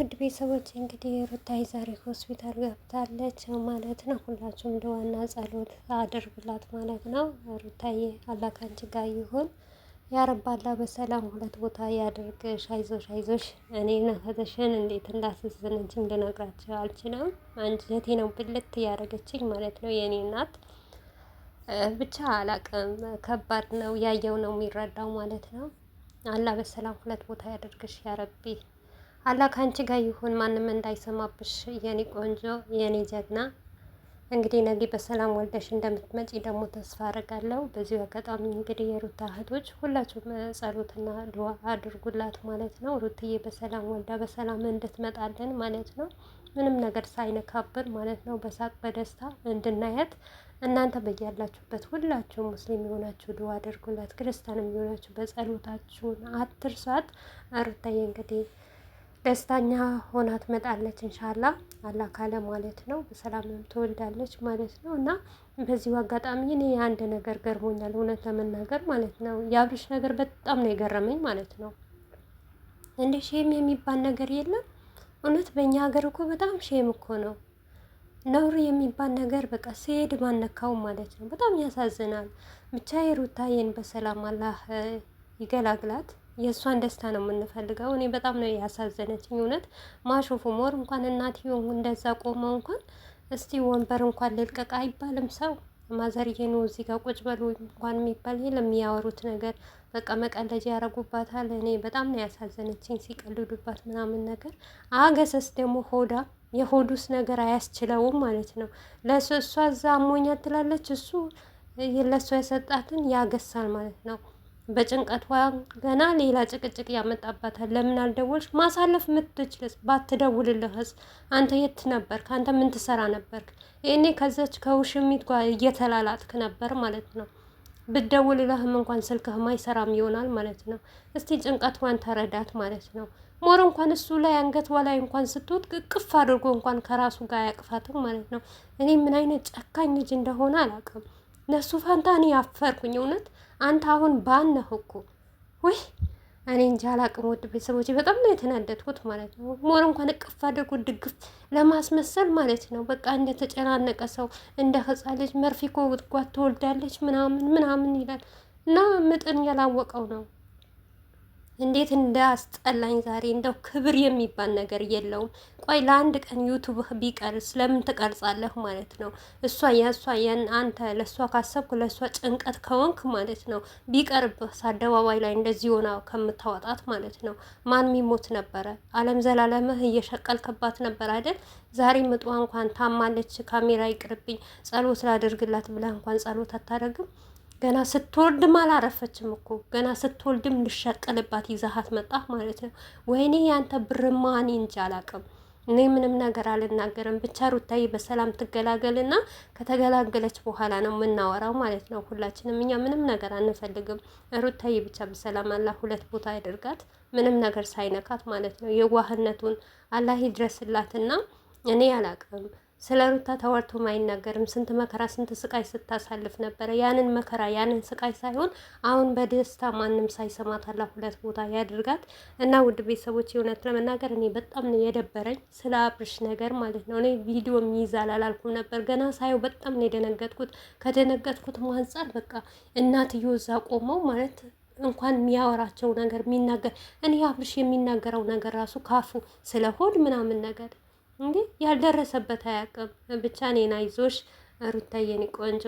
ውድ ቤተሰቦች እንግዲህ ሩታዬ ዛሬ ሆስፒታል ገብታለች ማለት ነው። ሁላችሁም ደዋና ጸሎት አድርጉላት ማለት ነው። ሩታዬ አላህ ካንቺ ጋር ይሁን ያረባላ በሰላም ሁለት ቦታ ያድርግ። ሻይዞሽ አይዞሽ። እኔ ነፈተሽን እንዴት እንዳስዘነችም ልነግራቸው አልችልም። አንጀቴ ነው ብልት ያደረገችኝ ማለት ነው። የእኔ እናት ብቻ አላቅም። ከባድ ነው። ያየው ነው የሚረዳው ማለት ነው። አላህ በሰላም ሁለት ቦታ ያደርግሽ ያረቢ አላ ከአንቺ ጋር ይሁን፣ ማንም እንዳይሰማብሽ የኔ ቆንጆ የኔ ጀግና። እንግዲህ ነገ በሰላም ወልደሽ እንደምትመጪ ደግሞ ተስፋ አደርጋለሁ። በዚሁ አጋጣሚ እንግዲህ የሩታ እህቶች ሁላችሁም ጸሎትና ድዋ አድርጉላት ማለት ነው። ሩትዬ በሰላም ወልዳ በሰላም እንድትመጣለን ማለት ነው። ምንም ነገር ሳይነካብን ማለት ነው። በሳቅ በደስታ እንድናያት እናንተ በያላችሁበት ሁላችሁ ሙስሊም የሆናችሁ ድዋ አድርጉላት፣ ክርስቲያንም የሆናችሁ በጸሎታችሁን አትርሷት። ሩታዬ እንግዲህ ደስታኛ ሆና ትመጣለች። እንሻላ አላ ካለ ማለት ነው። በሰላምም ትወልዳለች ማለት ነው። እና በዚሁ አጋጣሚ እኔ አንድ ነገር ገርሞኛል፣ እውነት ለመናገር ማለት ነው። የአብርሽ ነገር በጣም ነው የገረመኝ ማለት ነው። እንደ ሼም የሚባል ነገር የለም እውነት። በእኛ ሀገር እኮ በጣም ሼም እኮ ነው ነውር የሚባል ነገር በቃ ሲሄድ ማነካው ማለት ነው። በጣም ያሳዝናል። ብቻ የሩታዬን በሰላም አላህ ይገላግላት። የእሷን ደስታ ነው የምንፈልገው። እኔ በጣም ነው ያሳዘነችኝ እውነት። ማሾፉ ሞር እንኳን እናትየው እንደዛ ቆመው እንኳን እስቲ ወንበር እንኳን ልልቀቅ አይባልም ሰው ማዘርዬ ነው እዚህ ጋር ቁጭ በሉ እንኳን የሚባል የለም። የሚያወሩት ነገር በቃ መቀለጅ ያደርጉባታል። እኔ በጣም ነው ያሳዘነችኝ ሲቀልዱባት ምናምን ነገር። አገሰስ ደግሞ ሆዳ የሆዱስ ነገር አያስችለውም ማለት ነው። ለእሷ እዛ አሞኛት ትላለች፣ እሱ ለእሷ የሰጣትን ያገሳል ማለት ነው። በጭንቀቷ ገና ሌላ ጭቅጭቅ ያመጣባታል። ለምን አልደወልሽ? ማሳለፍ የምትችልስ ባትደውልልህስ? አንተ የት ነበርክ? አንተ ምን ትሰራ ነበርክ? ይህኔ ከዛች ከውሽሚት ጋር እየተላላጥክ ነበር ማለት ነው። ብደውልልህም እንኳን ስልክህም አይሰራም ይሆናል ማለት ነው። እስቲ ጭንቀቷን ተረዳት ማለት ነው። ሞር እንኳን እሱ ላይ አንገት ላይ እንኳን ስትወድቅ ቅፍ አድርጎ እንኳን ከራሱ ጋር አያቅፋትም ማለት ነው። እኔ ምን አይነት ጨካኝ ልጅ እንደሆነ አላውቅም። ነሱ ፈንታ እኔ ያፈርኩኝ። እውነት አንተ አሁን ባነህ እኮ ወይ እኔ እንጃ አላቅም። ወድ ቤተሰቦች በጣም ነው የተናደድኩት ማለት ነው። ሞር እንኳን እቅፍ አድርጎ ድግፍ ለማስመሰል ማለት ነው። በቃ እንደተጨናነቀ ሰው እንደ ሕፃን ልጅ መርፌ እኮ ጉድጓድ ትወልዳለች ምናምን ምናምን ይላል እና ምጥን ያላወቀው ነው። እንዴት እንደ አስጠላኝ ዛሬ እንደው ክብር የሚባል ነገር የለውም። ቆይ ለአንድ ቀን ዩቱብህ ቢቀር ስለምን ትቀርጻለህ ማለት ነው? እሷ የእሷ ያን አንተ ለእሷ ካሰብኩ ለእሷ ጭንቀት ከወንክ ማለት ነው ቢቀርብህ አደባባይ ላይ እንደዚህ ሆና ከምታወጣት ማለት ነው ማን ሚሞት ነበረ? አለም ዘላለምህ እየሸቀልክባት ነበር አይደል? ዛሬ ምጧ እንኳን ታማለች፣ ካሜራ ይቅርብኝ ጸሎት ላደርግላት ብለህ እንኳን ጸሎት አታደርግም። ገና ስትወልድም አላረፈችም እኮ ገና ስትወልድም ልሸቀልባት ይዛሀት መጣ ማለት ነው። ወይኔ ያንተ ብርማ እኔ እንጂ አላቅም። እኔ ምንም ነገር አልናገርም። ብቻ ሩታዬ በሰላም ትገላገልና ከተገላገለች በኋላ ነው የምናወራው ማለት ነው። ሁላችንም እኛ ምንም ነገር አንፈልግም። ሩታዬ ብቻ በሰላም አላ ሁለት ቦታ ያደርጋት ምንም ነገር ሳይነካት ማለት ነው። የዋህነቱን አላህ ይድረስላትና እኔ አላቅም ስለ ሩታ ተወርቶም አይናገርም። ስንት መከራ ስንት ስቃይ ስታሳልፍ ነበረ። ያንን መከራ ያንን ስቃይ ሳይሆን አሁን በደስታ ማንም ሳይሰማት አላ ሁለት ቦታ ያድርጋት እና ውድ ቤተሰቦች የእውነት ለመናገር እኔ በጣም ነው የደበረኝ ስለ አብርሽ ነገር ማለት ነው። እኔ ቪዲዮም ይይዛል አላልኩም ነበር። ገና ሳየው በጣም ነው የደነገጥኩት። ከደነገጥኩት አንጻር በቃ እናትዮ እዛ ቆመው ማለት እንኳን የሚያወራቸው ነገር የሚናገር እኔ አብርሽ የሚናገረው ነገር ራሱ ካፉ ስለሆድ ምናምን ነገር እንዴ ያልደረሰበት አያውቅም። ብቻ እኔን አይዞሽ ሩታዬ፣ የኔ ቆንጆ